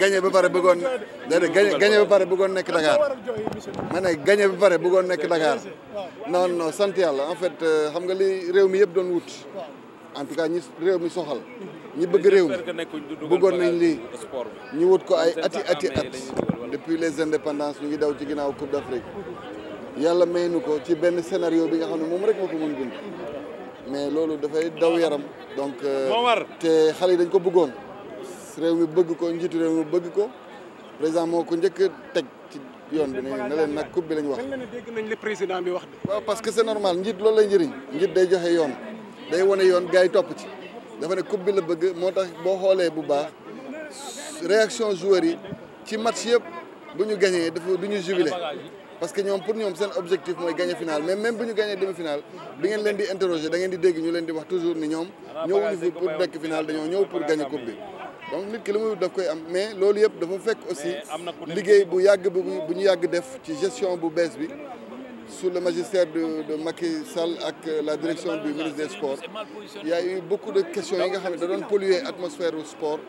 gagné ba pare bëggoon déedéet gagné gagné ba pare bëggoon nekk Dakar ma ne gagné ba pare bëggoon nekk Dakar non non sant yàlla en fait euh, xam nga li réew mi yëpp doon wut en tout cas ñi réew mi soxal ñi bëgg réew mi bëggoon nañ lii ñu wut ko ay ati ati at depuis les indépendances ñu ngi daw ci ginnaaw Coupe d'Afrique yàlla may nu ko ci benn scénario bi nga xam ne moom rek moo ko mën bind mais loolu dafay daw yaram donc euh, te xale yi dañ ko buggoon réew mi bëgg ko njiit réew mi bëgg ko président moo ko njëkk a teg ci yoon bi ne ne leen nag coupe bi lañ wax. dégg nañ li président bi wax waaw parce que c'est normal njiit loolu lay njëriñ njiit day joxe yoon day wane yoon gars yi topp ci dafa ne bi la bëgg moo tax boo xoolee bu baax réaction joueurs yi ci match yëpp bu ñu gagné dafa du ñu jubilé parce que ñoom pour ñoom seen objectif mooy gagné final mais même bu ñu gagné demi final bi ngeen leen di interroger da ngeen di dégg ñu leen di wax toujours ni ñoom ñëwuñu dañoo ñëw pour bi. donc nit ki li muy daf koy am mais loolu yëpp dafa fekk aussi liggéey bu yàgg bu bu ñu yàgg def ci gestion bu bees bi su le magistère de de Macky Sall ak euh, la direction du ministre des sports il a eu beaucoup de questions yi nga xam ne da doon polluer atmosphère du sport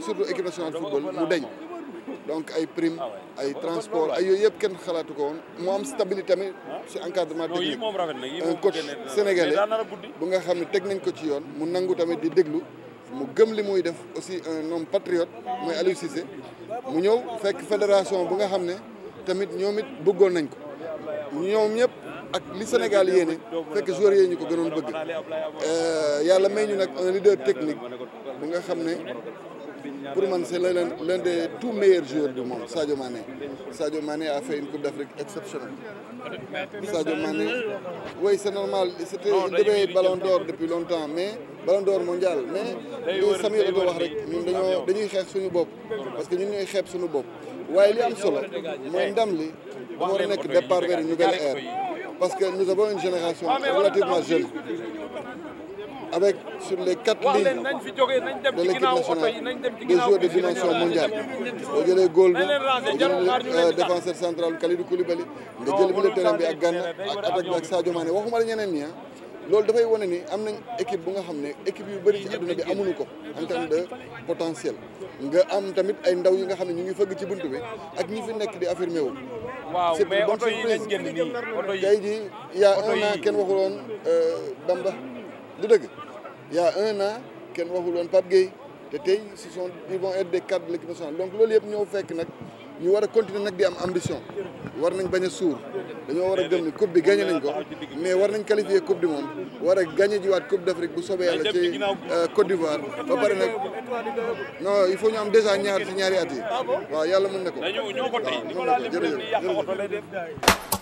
surtout équipe nationale de football mu deñ donc ay prime ah ay transport ay yooyu yëpp kenn xalaatu ko woon mu am stabilité tamit ci encadrement technique un coach sénégalais bu nga xam ne teg nañ ko ci yoon mu nangu tamit di déglu mu gëm li muy def aussi un homme patriote mooy Aliou mu ñëw fekk fédération bu nga xam ne tamit ñoom it bëggoon nañ ko ñoom ñëpp ak li Sénégal yéene fekk joueurs yee ñu ko gënoon bëgg euh, yàlla may ñu nag un leader technique bu nga xam ne pour man se l'un l'un des tout meilleurs joueurs du monde Sadio Mané Sadio Mané a fait une Coupe d'Afrique exceptionnelle Sadio Mané oui c'est normal c'était il devait Ballon d'Or depuis longtemps mais ballon d'or mondial mais li Samir do wax rek ñun dañoo dañuy xeex suñu bopp parce que ñun ñooy xeeb suñu bopp waaye li am solo mooy ndam li dama war a nekk départ vers nouvelle ère parce que nous avons une génération relativement jeune avec sur les quatre lignes de l'équipe nationale des joueurs de dimension mondiale boo jëlee góol bi nga jël euh, défenseur central Kalidou Koulibaly nga jël milieu terrain bi ak Gana ak attaque bi ak Sadio Mané waxuma la loolu dafay wane ni am nañ équipe bu nga xam ne équipe yu bëri ci àdduna bi amuñu ko en terme de potentiel nga am tamit ay ndaw yi nga xam ne ñu ngi fëgg ci bunt bi ak ñi fi nekk di affirmé wu. waaw mais oto yi lañ di nii oto yi tey jii euh, y' a un an kenn waxul woon Bamba du dëgg y' kenn waxul woon Pape Gueye te tey ce sont ils vont de l'équipe nationale donc loolu yëpp ñoo fekk nag. ñu war a continuer nag di am ambition war nañ bañ a suur dañoo war a gëm ni coupe bi gagné nañ ko mais war nañ qualifier coupe du monde war a gagné jiwaat coupe d'Afrique bu soobee yàlla ci euh, Côte d'Ivoire ba pare nag non il faut ñu am déjà ñaar ci ñaari at yi waaw yàlla mun na ko waaw mën na